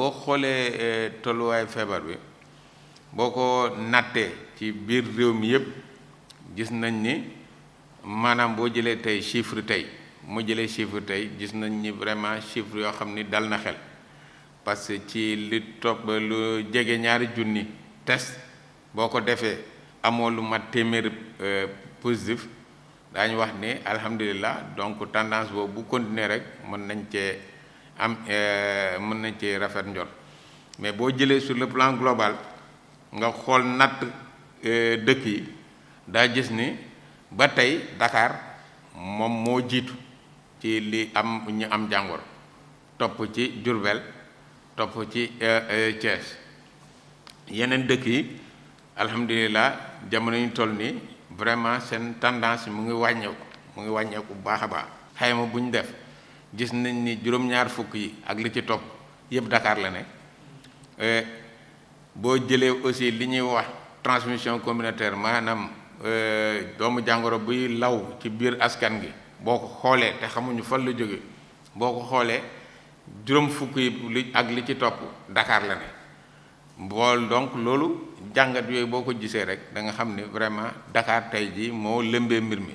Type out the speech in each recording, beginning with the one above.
boo xoolee eh, tolluwaay feebar bi boko naté ci bir réew mi gis nañ ni manam bo jëlee tay chiffre tay mu jëlee chiffre tay gis nañ ni vraiment chiffre yo xamni dal na xel parce que ci li topp lu ñaari junni test boko défé defee lu mat témèr eh, positif dañ wax ni alhamdulilah donc tendance bo bu continuer rek mën nañ ci am eh, mën nañ ci rafet njot mais boo jëlee sur le plan global nga nat natt eh, dëkk yi daa gis ni ba dakar moom moo jiitu ci li am ñu am jàngoro topp ci jurbel topp ci alhamdulillah eh, yeneen dëkk yi alhamdulilah jamono ñu toll nii vraiment seen tendance mu ngi wàññeeku mu ngi xayma def gis nañ ni juróom-ñaar fukk yi ak li ci topp yëpp dakaar la ne e, boo jëlee aussi li ñuy wax transmission communautaire maanaam e, doomu jàngoro buy law ci biir askan gi boo ko xoolee te xamuñu fan lu jóge boo ko xoolee juróom fukk yi li ak li ci topp dakaar la ne bool donc loolu jàngat yooyu boo ko gisee rek da nga xam ni vraiment dakaar tey jii moo lëmbee mbir mi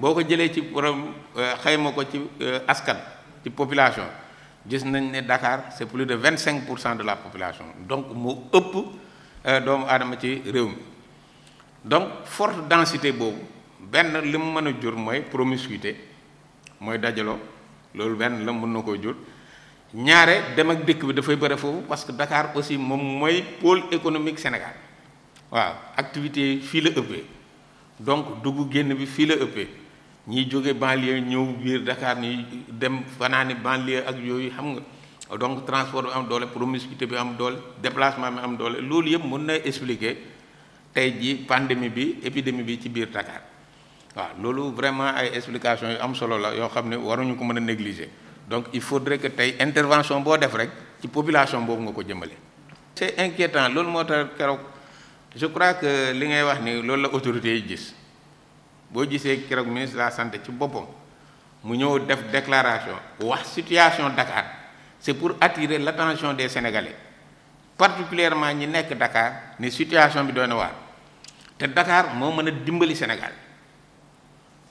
boko ko ci borom euh, xayma ko ci euh, askan ci population gis nañ né Dakar c'est plus de 25% de la population donc mo ëpp euh, doomu aadama ci réew mi donc forte densité bobu ben li mu mën a jur mooy promiscuité moy dajaloo lolou ben la mën na koo jur ñaare dem ak dikk bi da fay bëre fofu parce que Dakar aussi mom moy pôle économique Sénégal waaw activité fi la ëppee donc dugg génn bi fi la ëppee ñiy jóge banlieue ñëw biir Dakar ñi dem fanaani banlieue ak yooyu xam nga donc transport bi am doole promiscuité bi am doole déplacement bi am doole loolu yëpp mën na expliquer tey ji pandémie bi épidémie bi ci biir Dakar waaw loolu vraiment ay explication yu am solo la yoo xam ne waruñu ko mën a négliger donc il faudrait que tey intervention boo def rek ci population boobu nga ko jëmale c'est inquiétant loolu moo tax keroog je crois que li ngay wax ni loolu la autorités yi gis boo que le ministre de la santé ci boppam mu ñëw def déclaration la situation Dakar c'est pour attirer l'attention des Sénégalais particulièrement ñi nekk Dakar ne situation bi situation. na waar te Dakar plus mën a dimbali Sénégal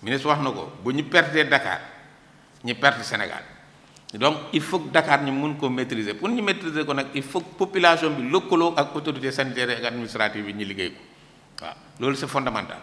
ministre wax na si bu ñu pertee Dakar Sénégal donc il faut que Dakar soit maîtrisé. pour nous maîtriser il faut que population bi et ak autorité sanitaire et administrative soient ñu ko c'est fondamental